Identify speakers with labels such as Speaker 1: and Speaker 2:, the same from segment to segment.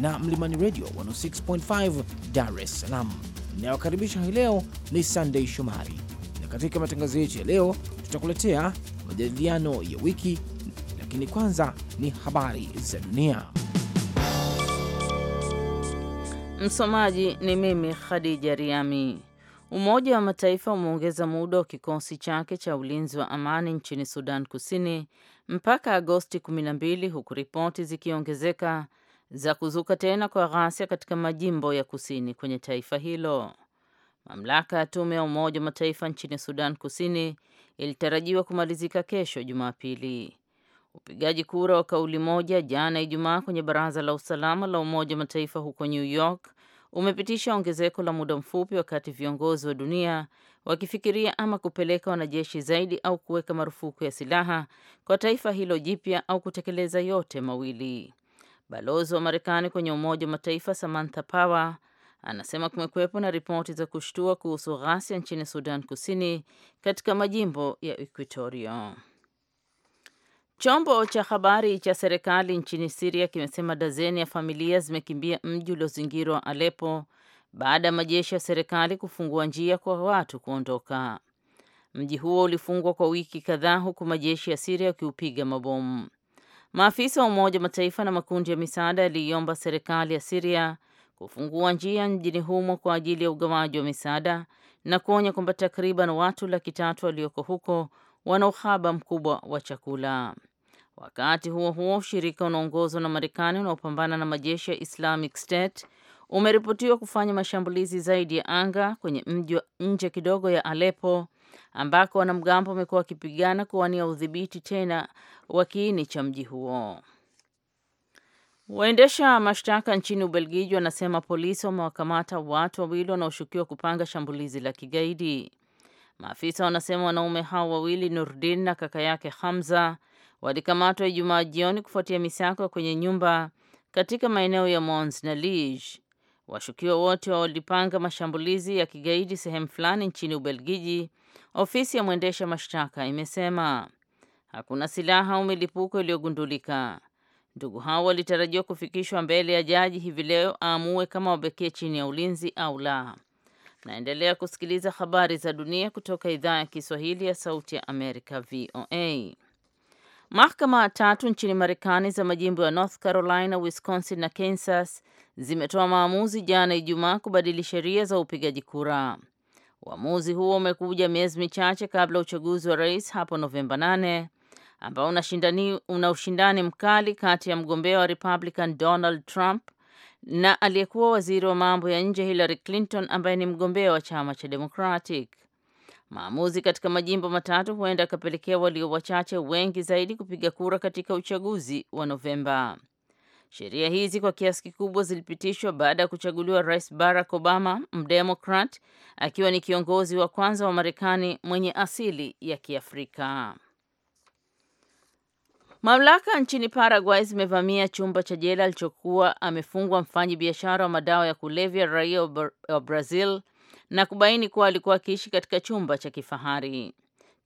Speaker 1: na Mlimani Radio 106.5 Dar es Salaam. Inayokaribisha hii leo ni Sunday Shomari, na katika matangazo yetu ya leo tutakuletea majadiliano ya wiki,
Speaker 2: lakini kwanza ni habari za dunia. Msomaji ni mimi Khadija Riami. Umoja wa Mataifa umeongeza muda wa kikosi chake cha ulinzi wa amani nchini Sudan Kusini mpaka Agosti 12 huku ripoti zikiongezeka za kuzuka tena kwa ghasia katika majimbo ya kusini kwenye taifa hilo. Mamlaka ya tume ya Umoja wa Mataifa nchini Sudan Kusini ilitarajiwa kumalizika kesho Jumapili. Upigaji kura wa kauli moja jana Ijumaa kwenye Baraza la Usalama la Umoja wa Mataifa huko New York umepitisha ongezeko la muda mfupi, wakati viongozi wa dunia wakifikiria ama kupeleka wanajeshi zaidi au kuweka marufuku ya silaha kwa taifa hilo jipya au kutekeleza yote mawili. Balozi wa Marekani kwenye Umoja wa Mataifa Samantha Power anasema kumekuwepo na ripoti za kushtua kuhusu ghasia nchini Sudan Kusini katika majimbo ya Equatoria. Chombo cha habari cha serikali nchini Siria kimesema dazeni ya familia zimekimbia mji uliozingirwa alepo baada ya majeshi ya serikali kufungua njia kwa watu kuondoka. Mji huo ulifungwa kwa wiki kadhaa huku majeshi ya Siria yakiupiga mabomu. Maafisa wa Umoja wa Mataifa na makundi ya misaada yaliiomba serikali ya Siria kufungua njia mjini humo kwa ajili ya ugawaji wa misaada na kuonya kwamba takriban watu laki tatu walioko huko wana uhaba mkubwa wa chakula. Wakati huo huo, ushirika unaongozwa na Marekani unaopambana na majeshi ya Islamic State umeripotiwa kufanya mashambulizi zaidi ya anga kwenye mji wa nje kidogo ya Aleppo ambako wanamgambo wamekuwa wakipigana kuwania udhibiti tena wa kiini cha mji huo. Waendesha mashtaka nchini Ubelgiji wanasema polisi wamewakamata watu wawili wanaoshukiwa kupanga shambulizi la kigaidi. Maafisa wanasema wanaume hao wawili, Nurdin na kaka yake Hamza, walikamatwa Ijumaa jioni kufuatia misako kwenye nyumba katika maeneo ya Mons na Liege washukiwa wote walipanga mashambulizi ya kigaidi sehemu fulani nchini Ubelgiji. Ofisi ya mwendesha mashtaka imesema hakuna silaha au milipuko iliyogundulika. Ndugu hao walitarajiwa kufikishwa mbele ya jaji hivi leo aamue kama wabekee chini ya ulinzi au la. Naendelea kusikiliza habari za dunia kutoka idhaa ya Kiswahili ya Sauti ya Amerika, VOA. Mahakama tatu nchini Marekani za majimbo ya North Carolina, Wisconsin na Kansas zimetoa maamuzi jana Ijumaa kubadili sheria za upigaji kura. Uamuzi huo umekuja miezi michache kabla ya uchaguzi wa rais hapo Novemba 8 ambao una ushindani mkali kati ya mgombea wa Republican Donald Trump na aliyekuwa waziri wa mambo ya nje Hillary Clinton ambaye ni mgombea wa chama cha Democratic. Maamuzi katika majimbo matatu huenda akapelekea walio wachache wengi zaidi kupiga kura katika uchaguzi wa Novemba. Sheria hizi kwa kiasi kikubwa zilipitishwa baada ya kuchaguliwa Rais Barack Obama, mdemokrat, akiwa ni kiongozi wa kwanza wa Marekani mwenye asili ya Kiafrika. Mamlaka nchini Paraguay zimevamia chumba cha jela alichokuwa amefungwa mfanyi biashara wa madawa ya kulevya raia wa Brazil na kubaini kuwa alikuwa akiishi katika chumba cha kifahari.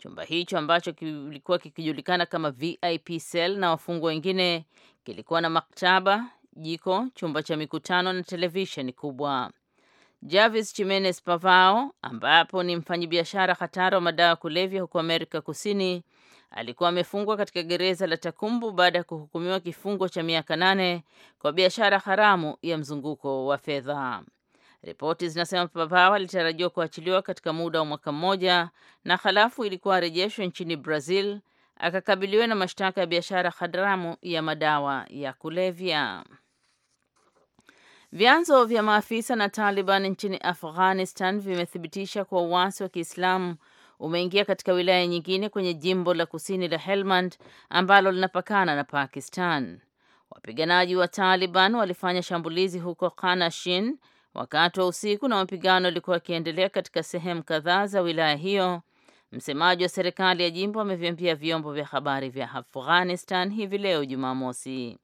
Speaker 2: Chumba hicho ambacho kilikuwa kikijulikana kama VIP cell na wafungwa wengine kilikuwa na maktaba, jiko, chumba cha mikutano na televisheni kubwa. Javis Chimenez Pavao ambapo ni mfanyabiashara hatari wa madawa ya kulevya huko Amerika Kusini alikuwa amefungwa katika gereza la Takumbu baada ya kuhukumiwa kifungo cha miaka nane kwa biashara haramu ya mzunguko wa fedha. Ripoti zinasema Papawa alitarajiwa kuachiliwa katika muda wa mwaka mmoja na halafu ilikuwa arejeshwe nchini Brazil akakabiliwa na mashtaka ya biashara hadramu ya madawa ya kulevya. Vyanzo vya maafisa na Taliban nchini Afghanistan vimethibitisha kuwa uasi wa Kiislamu umeingia katika wilaya nyingine kwenye jimbo la kusini la Helmand ambalo linapakana na Pakistan. Wapiganaji wa Taliban walifanya shambulizi huko Khanashin wakati wa usiku na mapigano yalikuwa yakiendelea katika sehemu kadhaa za wilaya hiyo. Msemaji wa serikali ya jimbo ameviambia vyombo vya habari vya Afghanistan hivi leo Jumamosi.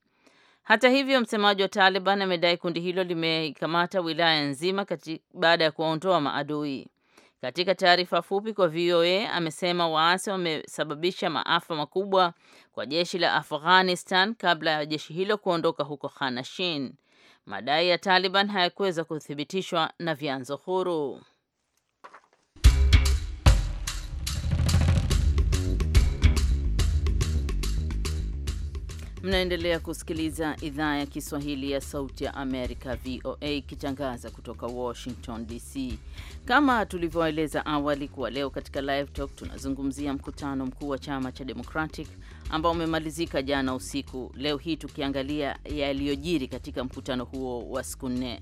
Speaker 2: Hata hivyo, msemaji wa Taliban amedai kundi hilo limekamata wilaya nzima baada ya kuwaondoa maadui. Katika taarifa fupi kwa VOA amesema waasi wamesababisha maafa makubwa kwa jeshi la Afghanistan kabla ya jeshi hilo kuondoka huko Khanashin. Madai ya Taliban hayakuweza kuthibitishwa na vyanzo huru. Mnaendelea kusikiliza idhaa ya Kiswahili ya Sauti ya Amerika, VOA, ikitangaza kutoka Washington DC. Kama tulivyoeleza awali kuwa leo katika Live Talk tunazungumzia mkutano mkuu wa chama cha Democratic ambao umemalizika jana usiku, leo hii tukiangalia yaliyojiri katika mkutano huo wa siku nne.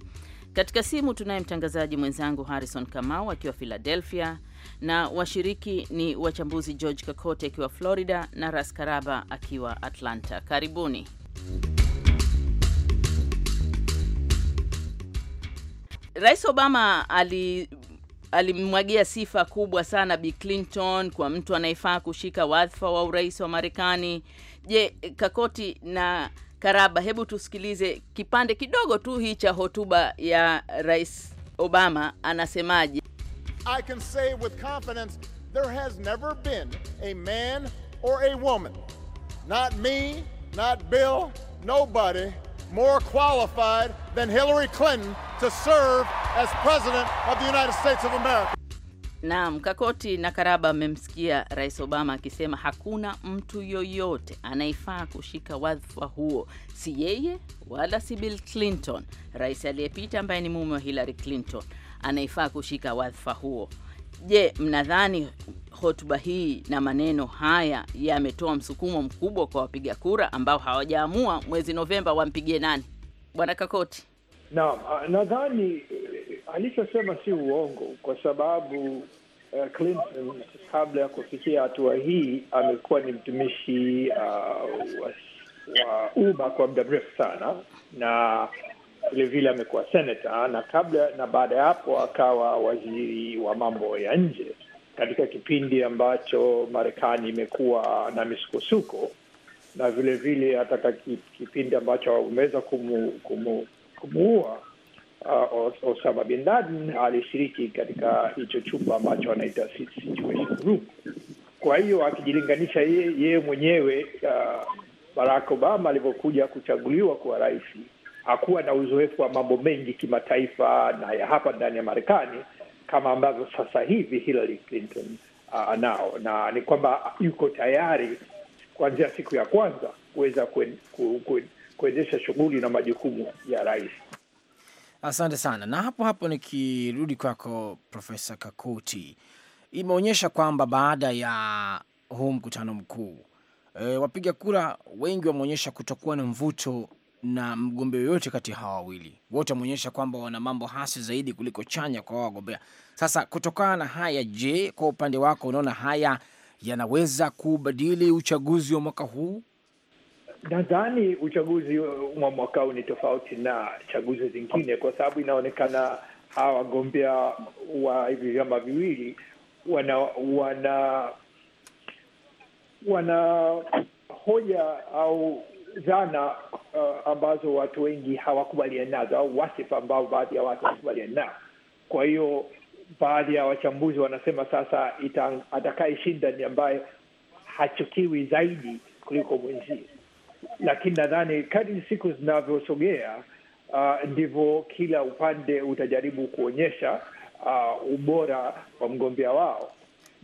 Speaker 2: Katika simu tunaye mtangazaji mwenzangu Harrison Kamau akiwa Philadelphia, na washiriki ni wachambuzi George Kakote akiwa Florida na Ras Karaba akiwa Atlanta. Karibuni. Rais Obama ali alimwagia sifa kubwa sana Bi Clinton kwa mtu anayefaa kushika wadhifa wa urais wa Marekani. Je, Kakoti na Karaba, hebu tusikilize kipande kidogo tu hii cha hotuba ya Rais Obama, anasemaje?
Speaker 3: I can say with confidence there has never been a man or a woman, not me, not Bill, nobody, more qualified than Hillary Clinton to serve as President of the United States of America.
Speaker 2: Naam, Kakoti na Karaba, mmemsikia Rais Obama akisema hakuna mtu yoyote anayefaa kushika wadhifa huo, si yeye wala si Bill Clinton, rais aliyepita ambaye ni mume wa Hillary Clinton anayefaa kushika wadhifa huo. Je, mnadhani hotuba hii na maneno haya yametoa msukumo mkubwa kwa wapiga kura ambao hawajaamua mwezi Novemba wampigie nani? Bwana Kakoti.
Speaker 4: Naam, ah, nadhani eh, alichosema si uongo kwa sababu uh, Clinton kabla ya kufikia hatua hii amekuwa ni mtumishi uh, wa umma kwa muda mrefu sana na vilevile amekuwa senata na kabla na baada ya hapo akawa waziri wa mambo ya nje katika kipindi ambacho Marekani imekuwa na misukosuko na vilevile hata vile kipindi ambacho wameweza kumu, kumu, kumuua uh, Osama bin Laden alishiriki katika hicho chumba ambacho anaita Kwa hiyo akijilinganisha yeye mwenyewe uh, Barack Obama alivyokuja kuchaguliwa kuwa rahisi hakuwa na uzoefu wa mambo mengi kimataifa na ya hapa ndani ya Marekani kama ambavyo sasa hivi Hillary Clinton uh, anao, na ni kwamba yuko tayari kuanzia siku ya kwanza kuweza kuendesha shughuli na majukumu ya rais.
Speaker 1: Asante sana. Na hapo hapo nikirudi kwako Profesa Kakuti, imeonyesha kwamba baada ya huu mkutano mkuu e, wapiga kura wengi wameonyesha kutokuwa na mvuto na mgombea yoyote kati ya hawa wawili, wote wameonyesha kwamba wana mambo hasi zaidi kuliko chanya kwa wagombea. Sasa kutokana na haya, je, kwa upande wako unaona haya yanaweza kubadili uchaguzi wa mwaka huu?
Speaker 4: Nadhani uchaguzi wa mwaka huu ni tofauti na chaguzi zingine, kwa sababu inaonekana hawa wagombea wa hivi vyama viwili wana wana wana hoja au dhana uh, ambazo watu wengi hawakubaliani nazo au wasifa ambao baadhi ya watu hawakubaliani nao. Kwa hiyo baadhi ya wachambuzi wanasema sasa atakayeshinda ni ambaye hachukiwi zaidi kuliko mwenzie, lakini nadhani kadi siku zinavyosogea uh, ndivyo kila upande utajaribu kuonyesha uh, ubora wa mgombea wao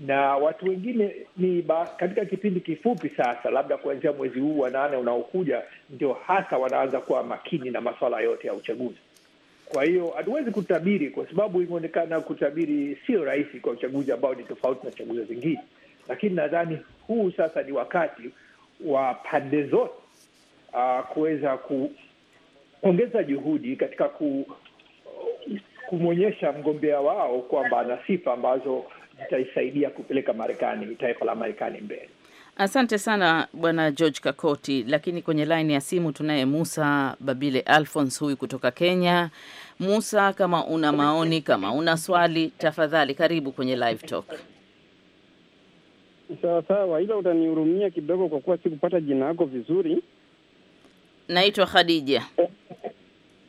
Speaker 4: na watu wengine ni ba, katika kipindi kifupi sasa, labda kuanzia mwezi huu wa nane unaokuja, ndio hasa wanaanza kuwa makini na maswala yote ya uchaguzi. Kwa hiyo hatuwezi kutabiri, kwa sababu imeonekana kutabiri sio rahisi kwa uchaguzi ambao ni tofauti na chaguzi zingine, lakini nadhani huu sasa ni wakati wa pande zote uh, kuweza kuongeza juhudi katika ku kumwonyesha mgombea wao kwamba ana sifa ambazo zitaisaidia kupeleka Marekani, taifa la Marekani mbele.
Speaker 2: Asante sana bwana George Kakoti. Lakini kwenye laini ya simu tunaye Musa Babile Alphons, huyu kutoka Kenya. Musa, kama una maoni, kama una swali, tafadhali karibu kwenye live talk.
Speaker 5: Sawa sawa, ila utanihurumia kidogo kwa kuwa sikupata jina yako vizuri.
Speaker 2: Naitwa Khadija.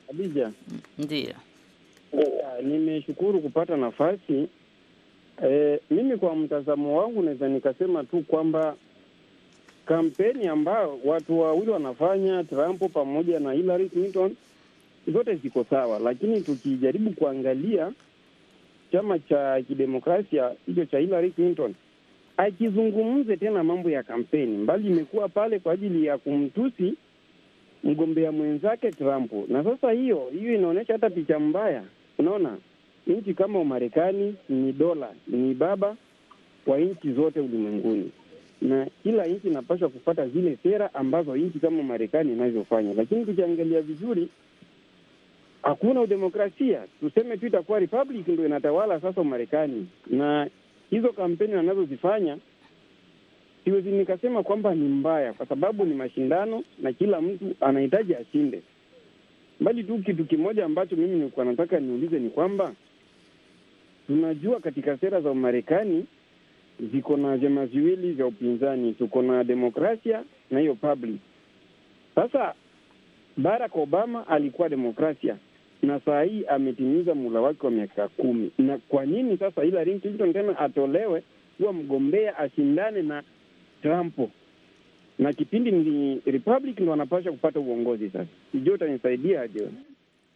Speaker 2: Khadija, ndiyo.
Speaker 5: Nimeshukuru kupata nafasi E, mimi kwa mtazamo wangu naweza nikasema tu kwamba kampeni ambayo watu wawili wanafanya Trump pamoja na Hillary Clinton zote ziko sawa, lakini tukijaribu kuangalia chama cha kidemokrasia hicho cha Hillary Clinton akizungumze tena mambo ya kampeni, mbali imekuwa pale kwa ajili ya kumtusi mgombea mwenzake Trump. Na sasa hiyo hiyo inaonyesha hata picha mbaya, unaona nchi kama Umarekani ni dola, ni baba wa nchi zote ulimwenguni, na kila nchi inapaswa kupata zile sera ambazo nchi kama Marekani inavyofanya. Lakini tukiangalia vizuri, hakuna udemokrasia, tuseme tu itakuwa republic ndo inatawala sasa Umarekani. Na hizo kampeni wanazozifanya siwezi nikasema kwamba ni mbaya, kwa sababu ni mashindano na kila mtu anahitaji ashinde, mbali tu kitu kimoja ambacho mimi nilikuwa nataka niulize ni kwamba Tunajua katika sera za Umarekani ziko na vyama viwili vya upinzani, tuko na demokrasia na hiyo public. Sasa Barack Obama alikuwa demokrasia na saa hii ametimiza mula wake wa miaka kumi, na kwa nini sasa Hillary Clinton tena atolewe kuwa mgombea ashindane na Trump? Na kipindi ni Republic ndo anapasha kupata uongozi. Sasa sijui utanisaidia aje?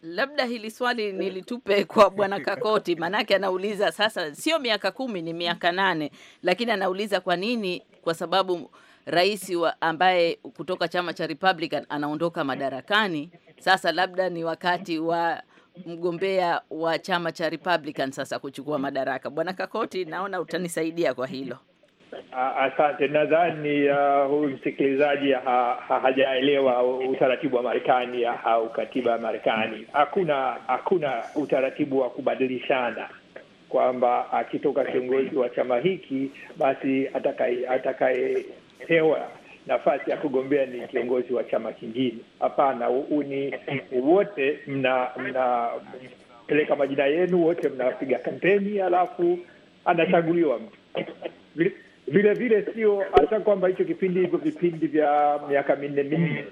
Speaker 2: labda hili swali nilitupe kwa bwana Kakoti, maanake anauliza sasa, sio miaka kumi, ni miaka nane, lakini anauliza kwa nini? Kwa sababu rais ambaye kutoka chama cha Republican anaondoka madarakani, sasa labda ni wakati wa mgombea wa chama cha Republican sasa kuchukua madaraka. Bwana Kakoti, naona utanisaidia kwa hilo.
Speaker 4: Asante, nadhani uh, huyu uh, msikilizaji ha, ha, hajaelewa utaratibu wa Marekani au katiba ya Marekani. Hakuna hakuna utaratibu wa kubadilishana kwamba akitoka kiongozi wa chama hiki basi atakayepewa nafasi ya kugombea ni kiongozi wa chama kingine. Hapana, ni wote mna mnapeleka majina yenu, wote mnapiga kampeni, alafu anachaguliwa mtu vile vile sio hata kwamba hicho kipindi hivyo vipindi vya miaka minne minne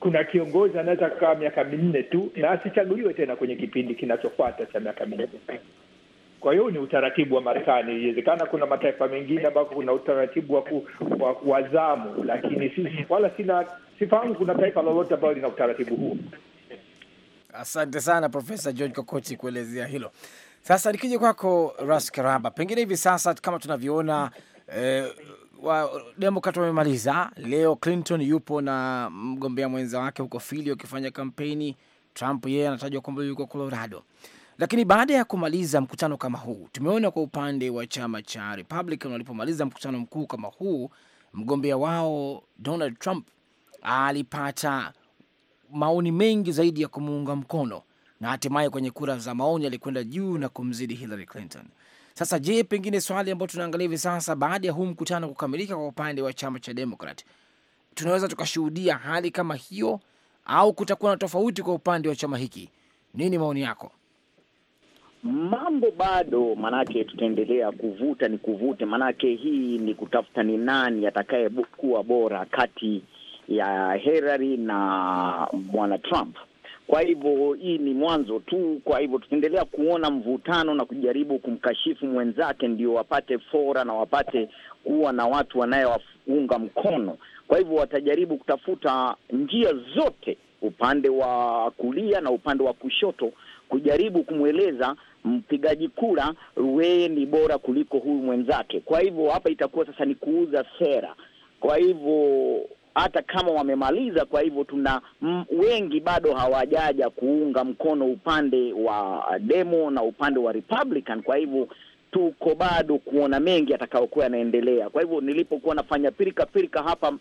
Speaker 4: kuna kiongozi anaweza kukaa miaka minne tu na asichaguliwe tena kwenye kipindi kinachofuata cha miaka minne kwa hiyo ni utaratibu wa marekani iwezekana kuna mataifa mengine ambako kuna utaratibu wa, wazamu lakini sisi wala sina sifahamu kuna taifa lolote ambayo lina utaratibu huo
Speaker 1: asante sana profesa george kokoti kuelezea hilo sasa nikija kwako ras karaba pengine hivi sasa kama tunavyoona eh, Wademokrat Demokrat wamemaliza leo. Clinton yupo na mgombea mwenza wake huko fili wakifanya kampeni. Trump yeye anatajwa kwamba yuko Colorado. Lakini baada ya kumaliza mkutano kama huu, tumeona kwa upande wa chama cha Republican walipomaliza mkutano mkuu kama huu, mgombea wao Donald Trump alipata maoni mengi zaidi ya kumuunga mkono na hatimaye kwenye kura za maoni alikwenda juu na kumzidi Hillary Clinton. Sasa je, pengine swali ambayo tunaangalia hivi sasa, baada ya huu mkutano kukamilika, kwa upande wa chama cha Demokrat, tunaweza tukashuhudia hali kama hiyo au kutakuwa na tofauti kwa upande wa chama hiki? Nini maoni yako?
Speaker 3: Mambo bado, maanake tutaendelea kuvuta ni kuvute, maanake hii ni kutafuta ni nani atakayekuwa bora kati ya Hillary na bwana Trump. Kwa hivyo hii ni mwanzo tu. Kwa hivyo tutaendelea kuona mvutano na kujaribu kumkashifu mwenzake, ndio wapate fora na wapate kuwa na watu wanayowaunga mkono. Kwa hivyo watajaribu kutafuta njia zote, upande wa kulia na upande wa kushoto, kujaribu kumweleza mpigaji kura wewe ni bora kuliko huyu mwenzake. Kwa hivyo hapa itakuwa sasa ni kuuza sera. Kwa hivyo hata kama wamemaliza. Kwa hivyo tuna wengi bado hawajaja kuunga mkono upande wa demo na upande wa Republican. Kwa hivyo tuko bado kuona mengi atakayokuwa yanaendelea. Kwa hivyo nilipokuwa nafanya pirika pirika hapa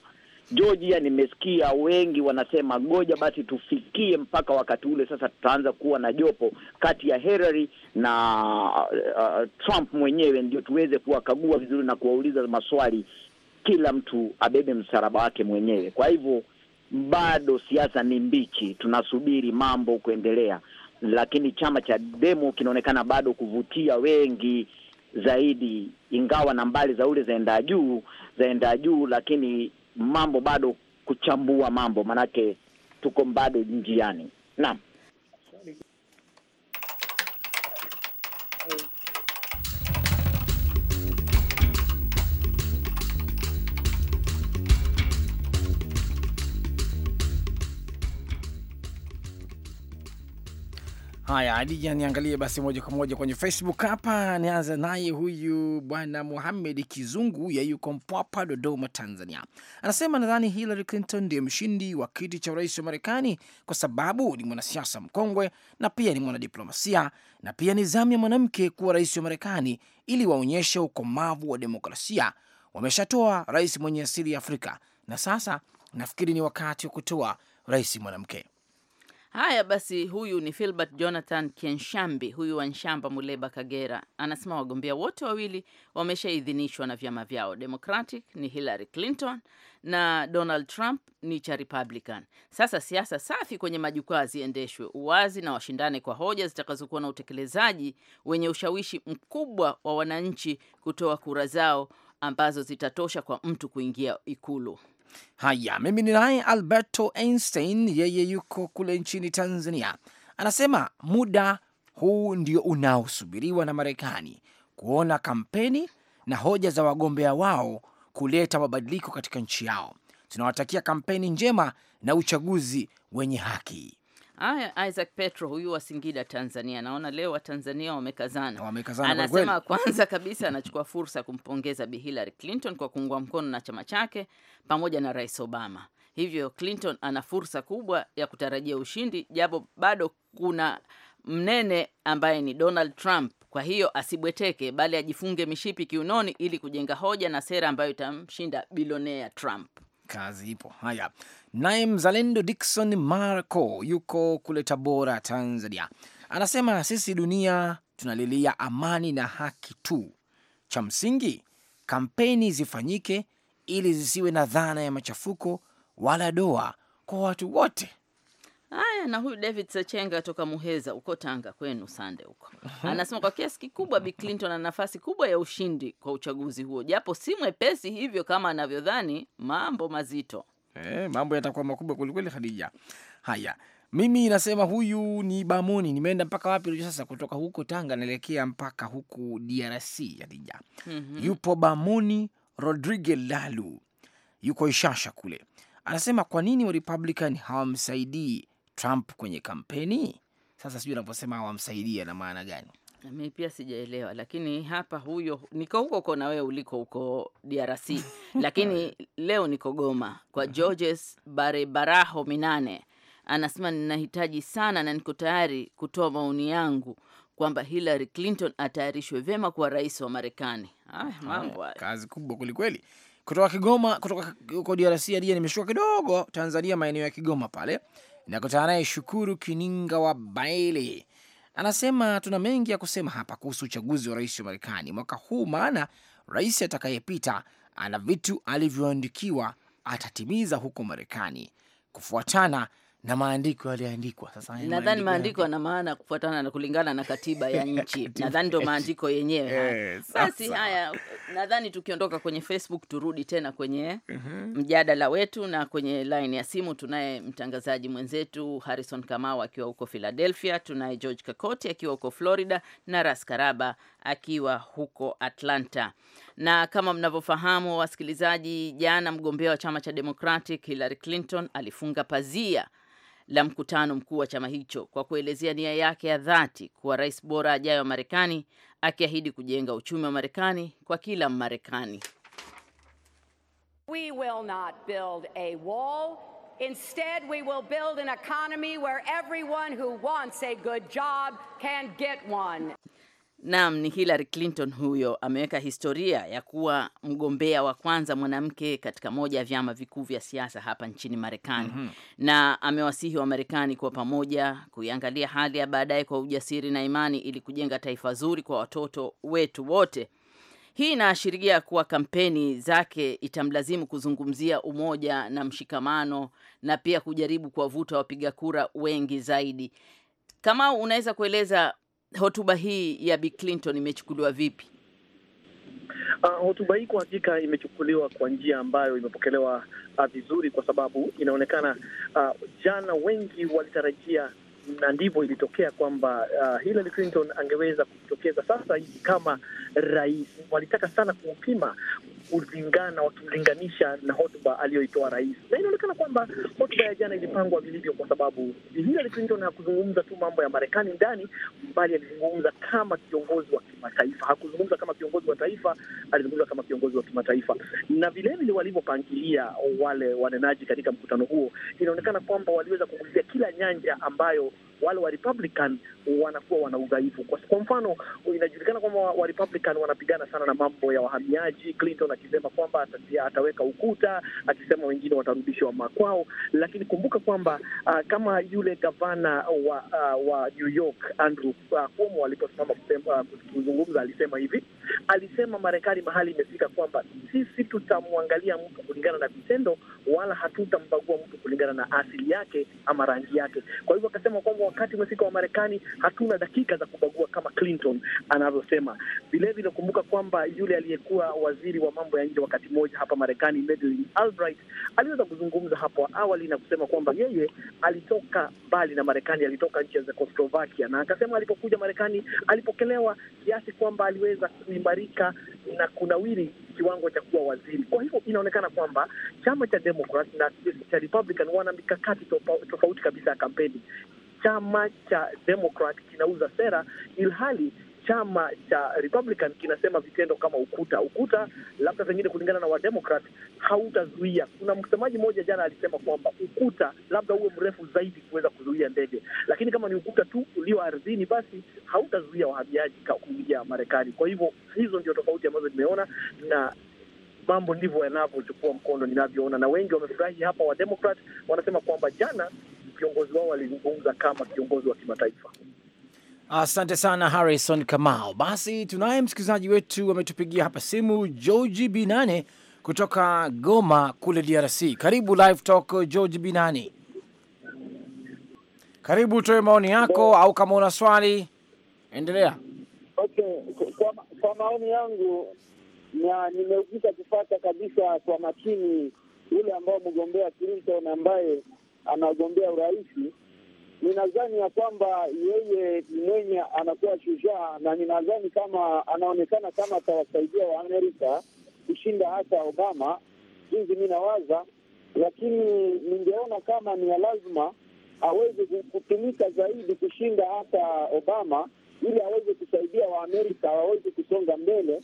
Speaker 3: Georgia, nimesikia wengi wanasema goja basi tufikie mpaka wakati ule, sasa tutaanza kuwa na jopo kati ya Hillary na uh, uh Trump mwenyewe, ndio tuweze kuwakagua vizuri na kuwauliza maswali kila mtu abebe msalaba wake mwenyewe. Kwa hivyo bado siasa ni mbichi, tunasubiri mambo kuendelea, lakini chama cha demo kinaonekana bado kuvutia wengi zaidi, ingawa nambari za ule zaenda juu zaenda juu, lakini mambo bado kuchambua mambo, manake tuko bado njiani. Naam.
Speaker 1: Haya, Adija, niangalie basi moja kwa moja kwenye Facebook hapa. Nianza naye huyu bwana Muhamed Kizungu ya yuko Mpwapa, Dodoma, Tanzania, anasema nadhani Hillary Clinton ndiye mshindi wa kiti cha urais wa Marekani kwa sababu ni mwanasiasa mkongwe na pia ni mwanadiplomasia na pia ni zamu ya mwanamke kuwa rais wa Marekani ili waonyeshe ukomavu wa demokrasia. Wameshatoa rais mwenye asili ya Afrika na sasa nafikiri ni wakati wa kutoa rais mwanamke.
Speaker 2: Haya basi, huyu ni Filbert Jonathan Kienshambi, huyu wa Nshamba, Muleba, Kagera, anasema wagombea wote wawili wameshaidhinishwa na vyama vyao. Democratic ni Hillary Clinton na Donald Trump ni cha Republican. Sasa siasa safi kwenye majukwaa ziendeshwe uwazi na washindane kwa hoja zitakazokuwa na utekelezaji wenye ushawishi mkubwa wa wananchi kutoa kura zao ambazo zitatosha kwa mtu kuingia Ikulu. Haya,
Speaker 1: mimi ni naye Alberto Einstein, yeye yuko kule nchini Tanzania, anasema muda huu ndio unaosubiriwa na Marekani kuona kampeni na hoja za wagombea wao kuleta mabadiliko katika nchi yao. Tunawatakia kampeni njema na uchaguzi wenye haki.
Speaker 2: Aya, Isaac Petro huyu wa Singida Tanzania, naona leo Watanzania wamekazana. Wamekazana, anasema kwanza kabisa anachukua fursa kumpongeza Bi Hillary Clinton kwa kuungwa mkono na chama chake pamoja na Rais Obama. Hivyo Clinton ana fursa kubwa ya kutarajia ushindi, japo bado kuna mnene ambaye ni Donald Trump. Kwa hiyo asibweteke, bali ajifunge mishipi kiunoni ili kujenga hoja na sera ambayo itamshinda bilionea Trump kazi ipo.
Speaker 1: Haya, naye mzalendo dikson Marco yuko kule Tabora, Tanzania, anasema sisi dunia tunalilia amani na haki tu, cha msingi kampeni zifanyike ili zisiwe na dhana ya machafuko wala doa kwa watu wote
Speaker 2: Haya, na huyu David Sachenga toka Muheza huko Tanga kwenu Sande huko anasema kwa kiasi kikubwa Bi Clinton ana nafasi kubwa ya ushindi kwa uchaguzi huo, japo si mwepesi hivyo kama anavyodhani. Mambo mazito
Speaker 1: eh, mambo yatakuwa makubwa kwelikweli, Khadija. Haya, mimi nasema huyu ni Bamoni. Nimeenda mpaka wapi sasa? Kutoka huko Tanga naelekea mpaka huku DRC, Khadija.
Speaker 2: mm -hmm. Yupo
Speaker 1: Bamoni Rodrigue Lalu, yuko Ishasha kule, anasema kwa nini wa Republican hawamsaidii Trump kwenye kampeni. Sasa sijui anavyosema hawamsaidia na maana gani?
Speaker 2: Mi pia sijaelewa, lakini hapa huyo, niko huko huko na wewe uliko huko DRC lakini leo niko Goma kwa Georges Barebaraho Minane, anasema ninahitaji sana na niko tayari kutoa maoni yangu kwamba Hillary Clinton atayarishwe vyema kuwa rais wa Marekani. Ay, mambo haya, kazi kubwa kwelikweli. Kutoka Kigoma, kutoka huko DRC hadi nimeshuka
Speaker 1: kidogo Tanzania, maeneo ya Kigoma pale Nakutana naye Shukuru Kininga wa Baili, anasema tuna mengi ya kusema hapa kuhusu uchaguzi wa rais wa Marekani mwaka huu, maana rais atakayepita ana vitu alivyoandikiwa atatimiza huko Marekani kufuatana na maandiko yaliandikwa. Sasa nadhani maandiko
Speaker 2: yana maana kufuatana na kulingana na katiba ya nchi nadhani ndio maandiko yenyewe eh, yes. basi, haya nadhani tukiondoka kwenye Facebook turudi tena kwenye mm -hmm. mjadala wetu, na kwenye line ya simu tunaye mtangazaji mwenzetu Harrison Kamau akiwa huko Philadelphia, tunaye George Kakoti akiwa huko Florida na Ras Karaba akiwa huko Atlanta. Na kama mnavyofahamu wasikilizaji, jana mgombea wa chama cha Democratic Hillary Clinton alifunga pazia la mkutano mkuu wa chama hicho kwa kuelezea nia yake ya dhati kuwa rais bora ajayo wa Marekani, akiahidi kujenga uchumi wa Marekani kwa kila Mmarekani. We will not build a wall. Instead, we will build an economy where everyone who wants a good job can get one. Naam, ni Hillary Clinton huyo, ameweka historia ya kuwa mgombea wa kwanza mwanamke katika moja ya vyama vikuu vya siasa hapa nchini Marekani. mm -hmm. Na amewasihi wa Marekani kwa pamoja kuiangalia hali ya baadaye kwa ujasiri na imani ili kujenga taifa zuri kwa watoto wetu wote. Hii inaashiria kuwa kampeni zake itamlazimu kuzungumzia umoja na mshikamano na pia kujaribu kuwavuta wapiga kura wengi zaidi. Kama unaweza kueleza hotuba hii ya Bi Clinton imechukuliwa vipi?
Speaker 6: Uh, hotuba hii kwa hakika imechukuliwa kwa njia ambayo imepokelewa uh, vizuri, kwa sababu inaonekana uh, jana wengi walitarajia na ndivyo ilitokea kwamba uh, Hillary Clinton angeweza kujitokeza sasa hivi kama rais. Walitaka sana kumpima kulingana, wakimlinganisha na hotuba aliyoitoa rais, na inaonekana kwamba hotuba ya jana ilipangwa vilivyo, kwa sababu Hillary Clinton hakuzungumza tu mambo ya Marekani ndani, bali alizungumza kama kiongozi wa kimataifa. Hakuzungumza kimataifa, alizungumza kama kiongozi wa kimataifa, na vilevile walivyopangilia wale wanenaji katika mkutano huo, inaonekana kwamba waliweza kugusia kila nyanja ambayo wale wa Republican wanakuwa wana udhaifu. Kwa mfano, inajulikana kwamba wa Republican wanapigana sana na mambo ya wahamiaji, Clinton akisema kwamba ataweka ukuta, akisema wengine watarudishwa makwao. Lakini kumbuka kwamba uh, kama yule gavana wa uh, wa New York Andrew uh, Cuomo aliposimama uh, kuzungumza, alisema hivi alisema Marekani mahali imefika kwamba sisi tutamwangalia mtu kulingana na vitendo wala hatutambagua mtu kulingana na asili yake ama rangi yake. Kwa hivyo akasema kwamba wakati umefika wa Marekani, hatuna dakika za kubagua kama Clinton anavyosema. Vilevile kumbuka kwamba yule aliyekuwa waziri wa mambo ya nje wakati mmoja hapa Marekani, Madeleine Albright, aliweza kuzungumza hapo awali na kusema kwamba yeye alitoka mbali na Marekani, alitoka nchi ya Czechoslovakia, na akasema alipokuja Marekani alipokelewa kiasi kwamba aliweza kuimarika na kunawiri kiwango cha kuwa waziri. Kwa hivyo inaonekana kwamba chama cha demo Democrat na cha Republican wana mikakati tofauti kabisa ya kampeni. Chama cha Democrat kinauza sera ilhali chama cha Republican kinasema vitendo kama ukuta ukuta, labda pengine kulingana na Wademokrat hautazuia. Kuna msemaji mmoja jana alisema kwamba ukuta labda uwe mrefu zaidi kuweza kuzuia ndege, lakini kama ni ukuta tu ulio ardhini, basi hautazuia wahamiaji kuingia Marekani. Kwa hivyo hizo ndio tofauti ambazo nimeona na mambo ndivyo yanavyochukua mkondo ninavyoona, na wengi wamefurahi hapa. Wademokrat wanasema kwamba jana kiongozi wao alizungumza kama kiongozi wa kimataifa.
Speaker 1: Asante sana Harrison Kamao. Basi tunaye msikilizaji wetu ametupigia hapa simu, George Binane kutoka Goma kule DRC. Karibu Live Talk George Binane, karibu utoe maoni yako au kama una swali endelea.
Speaker 5: Okay. Kwa, kwa maoni yangu na nimeujiza kufata kabisa kwa makini yule ambao mgombea Clinton ambaye anagombea urais. Ninadhani ya kwamba yeye mwenye anakuwa shujaa, na ninadhani kama anaonekana kama atawasaidia Waamerika kushinda hata Obama, jinsi mi nawaza, lakini ningeona kama ni ya lazima aweze kutumika zaidi kushinda hata Obama ili aweze kusaidia Waamerika waweze kusonga mbele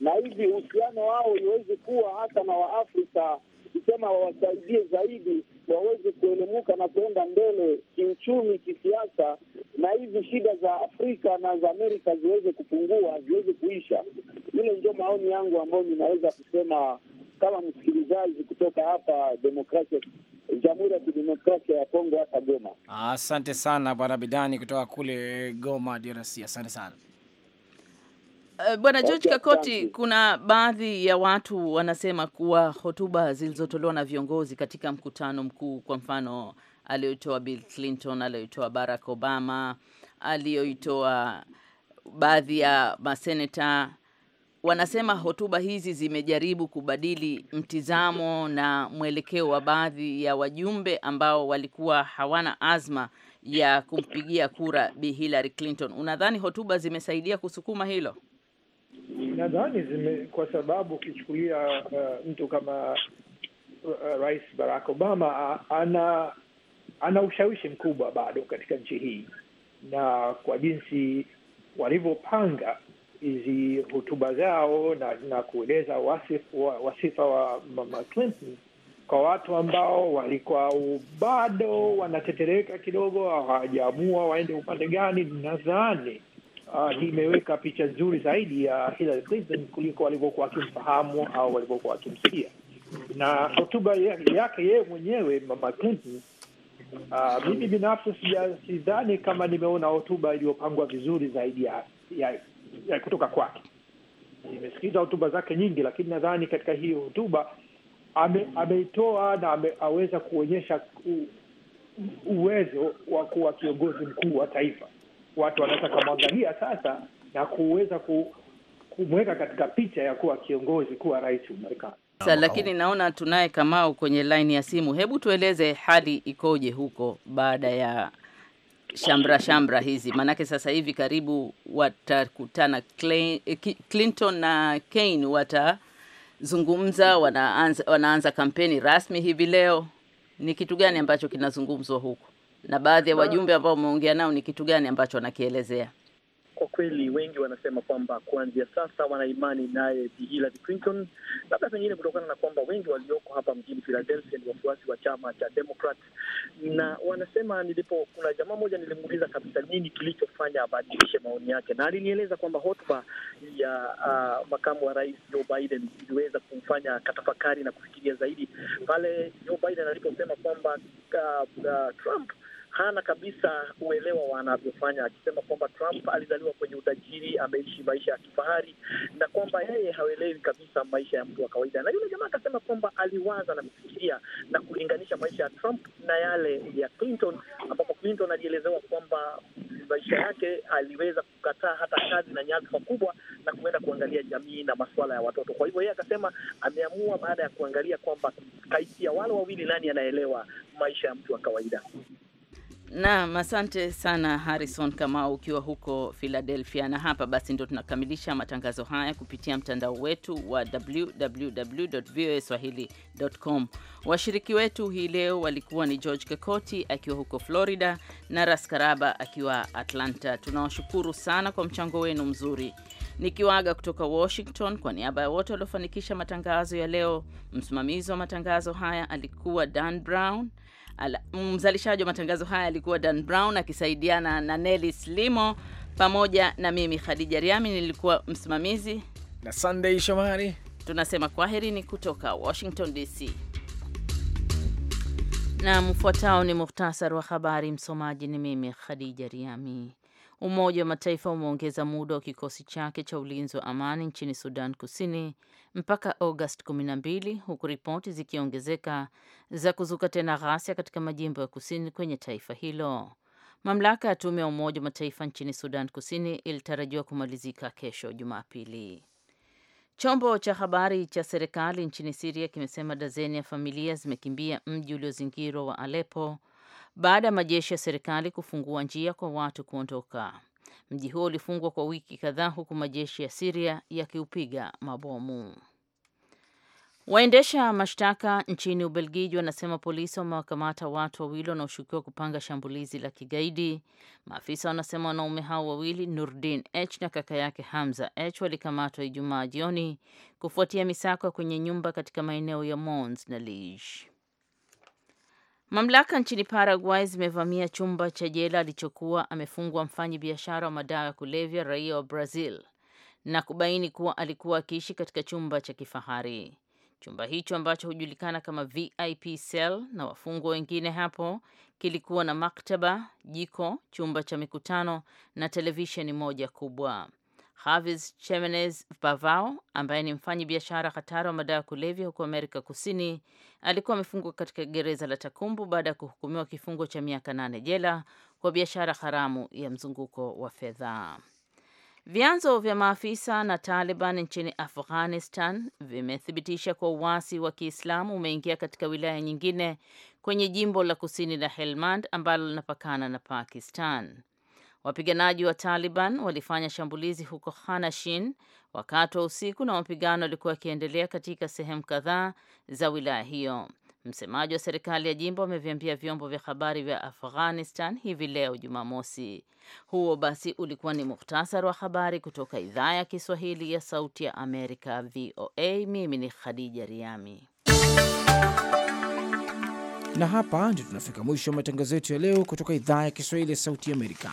Speaker 5: na hivi uhusiano wao iweze kuwa hata na Waafrika, kusema wawasaidie zaidi waweze kuelemuka na kuenda mbele kiuchumi, kisiasa, na hizi shida za Afrika na za Amerika ziweze kupungua, ziweze kuisha. Ile ndio maoni yangu ambayo ninaweza kusema kama msikilizaji kutoka hapa demokrasia Jamhuri ya Kidemokrasia ya Kongo, hata Goma.
Speaker 1: Asante sana Bwana Bidani kutoka kule
Speaker 2: Goma, DRC. Asante sana. Eh, Bwana George Kakoti, kuna baadhi ya watu wanasema kuwa hotuba zilizotolewa na viongozi katika mkutano mkuu, kwa mfano aliyoitoa Bill Clinton, aliyoitoa Barack Obama, aliyoitoa baadhi ya maseneta, wanasema hotuba hizi zimejaribu kubadili mtizamo na mwelekeo wa baadhi ya wajumbe ambao walikuwa hawana azma ya kumpigia kura Bi Hillary Clinton. Unadhani hotuba zimesaidia kusukuma hilo?
Speaker 4: nadhani zime, kwa sababu ukichukulia uh, mtu kama uh, Rais Barack Obama uh, ana ana ushawishi mkubwa bado katika nchi hii, na kwa jinsi walivyopanga hizi hotuba zao na, na kueleza wasifa wa mama Clinton kwa watu ambao walikuwa bado wanatetereka kidogo, hawajaamua waende upande gani, nadhani uh, ah, imeweka picha nzuri zaidi ya Hillary Clinton kuliko walivyokuwa wakimfahamu au walivyokuwa wakimsikia. Na hotuba yake yeye mwenyewe mama Clinton, uh, mimi binafsi sidhani kama nimeona hotuba iliyopangwa vizuri zaidi ya, ya, ya kutoka kwake. Nimesikiza hotuba zake nyingi, lakini nadhani katika hii hotuba ameitoa na ame, aweza kuonyesha u, uwezo wa kuwa kiongozi mkuu wa taifa watu wanaweza kamwangalia sasa na kuweza ku, kumweka katika picha ya kuwa kiongozi, kuwa rais wa Marekani. Sa, lakini
Speaker 2: naona tunaye Kamau kwenye laini ya simu. Hebu tueleze hali ikoje huko baada ya shamra shamra hizi, maanake sasa hivi karibu watakutana eh, Clinton na Kane watazungumza, wanaanza, wanaanza kampeni rasmi hivi leo. Ni kitu gani ambacho kinazungumzwa huko? na baadhi ya wajumbe ambao umeongea nao, ni kitu gani ambacho wanakielezea?
Speaker 6: Kwa kweli wengi wanasema kwamba kuanzia sasa wanaimani naye Bi Hillary Clinton, labda pengine kutokana na kwamba wengi walioko hapa mjini Philadelphia ni wafuasi wa chama cha Democrat, na wanasema nilipo, kuna jamaa moja nilimuuliza kabisa nini kilichofanya abadilishe maoni yake, na alinieleza kwamba hotuba ya uh, makamu wa rais Joe Biden iliweza kumfanya katafakari na kufikiria zaidi pale Joe Biden aliposema kwamba uh, uh, Trump hana kabisa uelewa wa anavyofanya, akisema kwamba Trump alizaliwa kwenye utajiri, ameishi maisha ya kifahari na kwamba yeye hawelewi kabisa maisha ya mtu wa kawaida. Na yule jamaa akasema kwamba aliwaza na kufikiria na kulinganisha maisha ya Trump na yale ya Clinton, ambapo Clinton alielezewa kwamba maisha yake aliweza kukataa hata kazi na nyadhifa kubwa na kuenda kuangalia jamii na masuala ya watoto. Kwa hivyo yeye akasema ameamua baada ya kuangalia kwamba kaisia ya wale wawili nani anaelewa maisha ya mtu wa kawaida.
Speaker 2: Naam, asante sana Harrison Kamau ukiwa huko Philadelphia. Na hapa basi ndo tunakamilisha matangazo haya kupitia mtandao wetu wa www.voaswahili.com. Washiriki wetu hii leo walikuwa ni George Kakoti akiwa huko Florida na Raskaraba akiwa Atlanta. Tunawashukuru sana kwa mchango wenu mzuri. Nikiwaga kutoka Washington kwa niaba ya wote waliofanikisha matangazo ya leo, msimamizi wa matangazo haya alikuwa Dan Brown. Mzalishaji wa matangazo haya alikuwa Dan Brown akisaidiana na Nelly Slimo pamoja na mimi Khadija Riami nilikuwa msimamizi na Sunday Shomari. Tunasema kwaherini kutoka Washington DC, na mfuatao ni muhtasari wa habari. Msomaji ni mimi Khadija Riami. Umoja wa Mataifa umeongeza muda wa kikosi chake cha ulinzi wa amani nchini Sudan Kusini mpaka August 12 huku ripoti zikiongezeka za kuzuka tena ghasia katika majimbo ya kusini kwenye taifa hilo. Mamlaka ya tume ya Umoja wa Mataifa nchini Sudan Kusini ilitarajiwa kumalizika kesho Jumapili. Chombo cha habari cha serikali nchini Siria kimesema dazeni ya familia zimekimbia mji uliozingirwa wa Aleppo baada ya majeshi ya serikali kufungua njia kwa watu kuondoka. Mji huo ulifungwa kwa wiki kadhaa huku majeshi ya Siria yakiupiga mabomu. Waendesha mashtaka nchini Ubelgiji wanasema polisi wamewakamata watu wawili wanaoshukiwa kupanga shambulizi la kigaidi. Maafisa wanasema wanaume hao wawili, Nurdin H na kaka yake Hamza H, walikamatwa Ijumaa jioni kufuatia misako kwenye nyumba katika maeneo ya Mons na Liege. Mamlaka nchini Paraguay zimevamia chumba cha jela alichokuwa amefungwa mfanyi biashara wa madawa ya kulevya raia wa Brazil na kubaini kuwa alikuwa akiishi katika chumba cha kifahari. Chumba hicho ambacho hujulikana kama VIP cell na wafungwa wengine hapo kilikuwa na maktaba, jiko, chumba cha mikutano na televisheni moja kubwa. Hafiz Chemenes Bavao ambaye ni mfanyi biashara hatari wa madawa ya kulevya huko Amerika Kusini alikuwa amefungwa katika gereza la Takumbu baada ya kuhukumiwa kifungo cha miaka nane jela kwa biashara haramu ya mzunguko wa fedha. Vyanzo vya maafisa na Taliban nchini Afghanistan vimethibitisha kuwa uasi wa Kiislamu umeingia katika wilaya nyingine kwenye jimbo la kusini la Helmand ambalo linapakana na Pakistan. Wapiganaji wa Taliban walifanya shambulizi huko Khanashin wakati wa usiku na mapigano yalikuwa yakiendelea katika sehemu kadhaa za wilaya hiyo. Msemaji wa serikali ya jimbo ameviambia vyombo vya habari vya Afghanistan hivi leo Jumamosi. Huo basi ulikuwa ni muhtasari wa habari kutoka idhaa ya Kiswahili ya Sauti ya Amerika, VOA. Mimi ni Khadija Riami,
Speaker 1: na hapa ndio tunafika mwisho wa matangazo yetu ya leo kutoka idhaa ya Kiswahili ya Sauti ya Amerika.